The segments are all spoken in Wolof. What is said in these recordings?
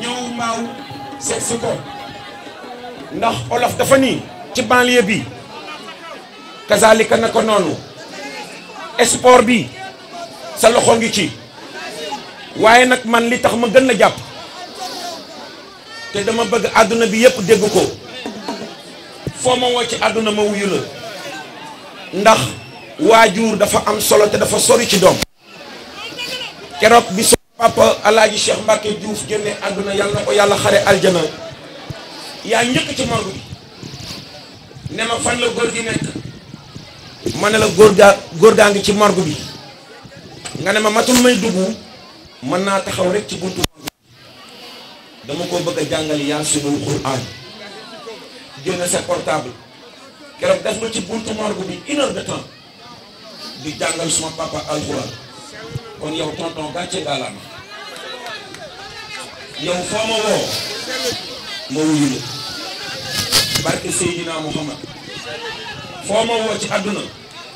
ñëw mbaaw seet ko ndax olof dafa nii ci banlieue bi kazalika na ko noonu sport bi sa loxo ngi ci waaye nag man li tax ma gën a jàpp te dama bëgg àdduna bi yépp dégg ko foo ma woo ci àdduna ma wuyu la ndax waajur dafa am solo te dafa sori ci doom keroog bi so papa alaaji Cheikh Mbacke Diouf génne àdduna yàlla na ko yàlla xare aljana yaa njëkk ci morgue bi ne ma fan la góor gi nekk ma ne la góor gaa góor gaa ngi ci morgue bi nga ne ma matul may dugg mën naa taxaw rek ci buntu morgue bi dama ko bëgg a jàngal yaa sunul Qur'an génne sa portable keroog def nga ci buntu morgue bi une heure de di jàngal semua papa alxuraan kon yow tonton gàcce gaalama yow famo wo mo wuyu barke Seydina Muhammad famo wo ci aduna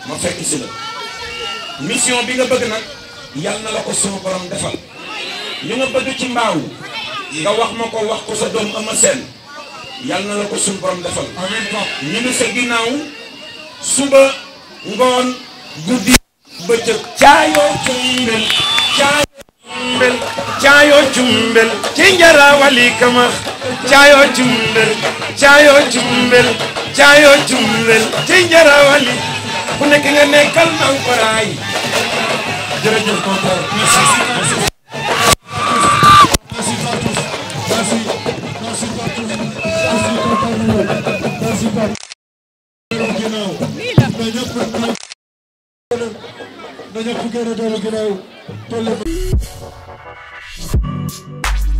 ma fekk ci la mission bi nga bëgg nak yal na la ko sama borom defal ñu nga bëgg ci mbaaw nga wax mako wax ko sa doom amal sen yal na la ko sun borom defal ñu ne sa ginaaw suba ngoon guddi bëccëg caayoo cumbel cumbel caayoo cumbel ci njarawali kama caayoo cumbel caayoo cumbel caayoo cumbel ci ku nekk nga nekkal man ko na ñëpp gën a dellu ginnaaw